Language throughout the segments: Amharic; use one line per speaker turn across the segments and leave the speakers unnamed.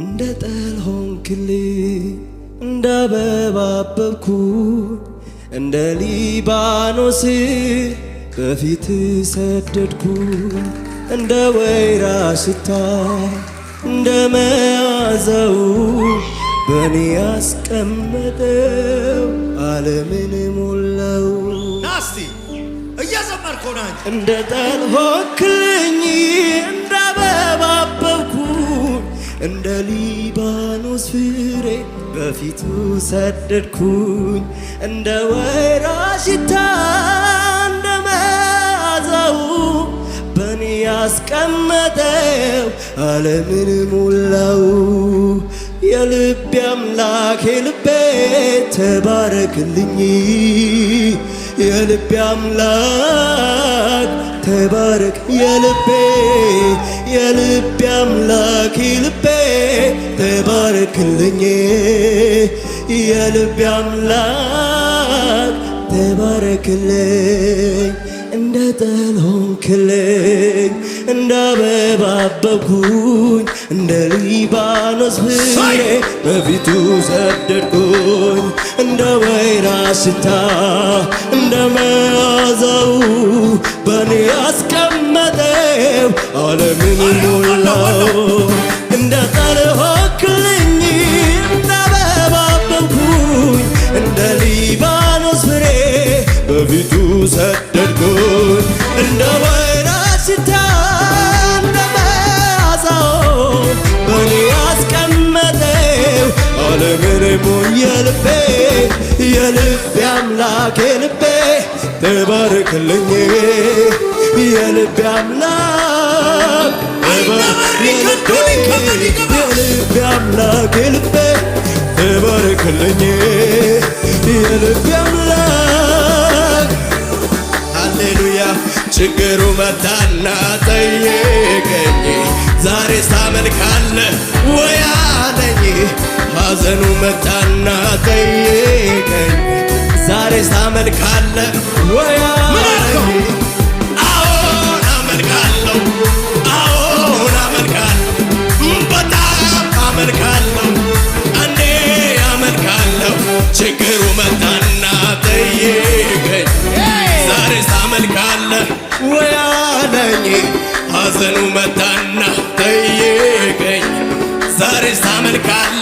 እንደ ጠል ሆንክልኝ እንደ አበባ አበብኩ እንደ ሊባኖስ በፊት ሰደድኩ እንደ ወይራ ሽታ እንደ መያዘው በእኔ ያስቀመጠው ዓለምን ሞላው።
ናስቲ እየዘመርኩ
እንደ ጠል ሆንክልኝ እንደ አበባ እንደ ሊባኖስ ፍሬ በፊቱ ሰደድኩኝ እንደ ወይራ ሽታ እንደ መዓዛው በእኔ ያስቀመጠው ዓለምን ሞላው። የልቤ አምላክ የልቤ ተባረክልኝ የልቤ አምላክ ተባረክ የልቤ የልቤ አምላክ ልቤ ተባረክልኝ የልቤ አምላክ ተባረክልኝ እንደ ጠል እንደ አበባ አበብኩኝ እንደ ሊባኖስ ፍሬ በፊቱ ሰደድኩኝ እንደ ወይራ ሽታ እንደ በኔ አስቀመጠው ዓለምን ሞላው እንደ ጠል ሆንክልኝ እንደ አበባ አበብኩኝ እንደ ሊባኖስ ፍሬ በፊቱ ለግርሙ የልቤ የልቤ አምላክ የልቤ ተባርክልኝ የልቤ አምላክ የልቤ አምላክ የልቤ ተባርክልኝ የልቤ አምላክ ሃሌሉያ ችግሩ መጣና ጠየቀኝ ዛሬ ሳመልካለ ወያለኝ ሐዘኑ መጣና ጠየቀኝ ዛሬ ሳመልካለ ወያ አዎን አመልካለሁ ችግሩ መጣና ጠየቀኝ ዛሬ ሳመልካለ ወያለኝ ሐዘኑ መጣና ጠየቀኝ ዛሬ ሳመልካለ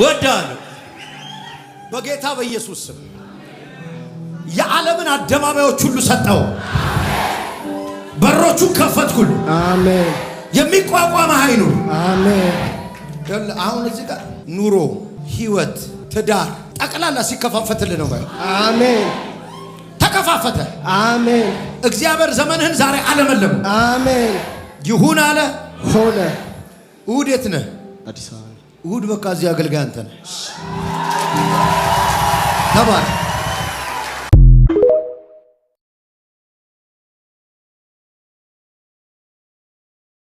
ወዳለሁ በጌታ በኢየሱስ ስም የዓለምን አደባባዮች ሁሉ ሰጠው፣ በሮቹን ከፈትኩል። አሜን። የሚቋቋም ኃይሉ አሜን። አሁን እዚህ ጋር ኑሮ፣ ህይወት፣ ትዳር ጠቅላላ ሲከፋፈትልህ ነው ማለት አሜን። ተከፋፈተ። አሜን። እግዚአብሔር ዘመንህን ዛሬ አለመለም። አሜን። ይሁን አለ ሆነ። እሑድ ነህ? አዲስ አበባ እሁድ በቃ እዚህ አገልጋይ አንተ ነህ ተባለ።